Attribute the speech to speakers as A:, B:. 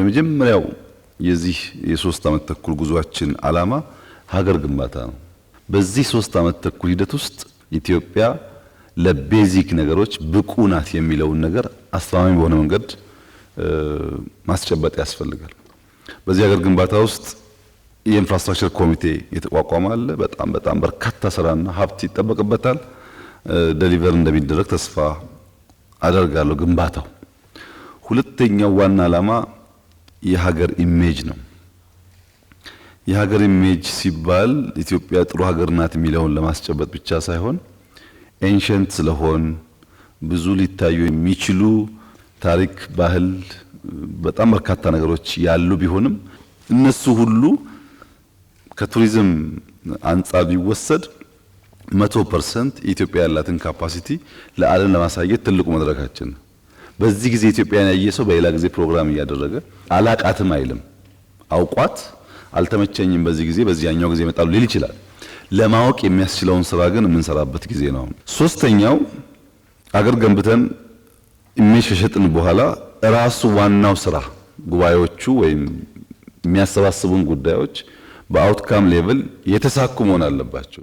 A: የመጀመሪያው የዚህ የሶስት ዓመት ተኩል ጉዟችን ዓላማ ሀገር ግንባታ ነው። በዚህ ሶስት ዓመት ተኩል ሂደት ውስጥ ኢትዮጵያ ለቤዚክ ነገሮች ብቁ ናት የሚለውን ነገር አስተማማኝ በሆነ መንገድ ማስጨበጥ ያስፈልጋል። በዚህ ሀገር ግንባታ ውስጥ የኢንፍራስትራክቸር ኮሚቴ የተቋቋመ አለ። በጣም በጣም በርካታ ስራና ሀብት ይጠበቅበታል። ደሊቨር እንደሚደረግ ተስፋ አደርጋለሁ። ግንባታው ሁለተኛው ዋና ዓላማ የሀገር ኢሜጅ ነው። የሀገር ኢሜጅ ሲባል ኢትዮጵያ ጥሩ ሀገር ናት የሚለውን ለማስጨበጥ ብቻ ሳይሆን ኤንሸንት ስለሆን ብዙ ሊታዩ የሚችሉ ታሪክ፣ ባህል፣ በጣም በርካታ ነገሮች ያሉ ቢሆንም እነሱ ሁሉ ከቱሪዝም አንጻር ቢወሰድ መቶ ፐርሰንት ኢትዮጵያ ያላትን ካፓሲቲ ለዓለም ለማሳየት ትልቁ መድረካችን ነው። በዚህ ጊዜ ኢትዮጵያን ያየ ሰው በሌላ ጊዜ ፕሮግራም እያደረገ አላቃትም አይልም። አውቋት አልተመቸኝም በዚህ ጊዜ በዚያኛው ጊዜ ይመጣሉ ሊል ይችላል። ለማወቅ የሚያስችለውን ስራ ግን የምንሰራበት ጊዜ ነው። ሶስተኛው አገር ገንብተን ኢሜጅ ከሸጥን በኋላ ራሱ ዋናው ስራ ጉባኤዎቹ ወይም የሚያሰባስቡን ጉዳዮች በአውትካም ሌቭል የተሳኩ መሆን አለባቸው።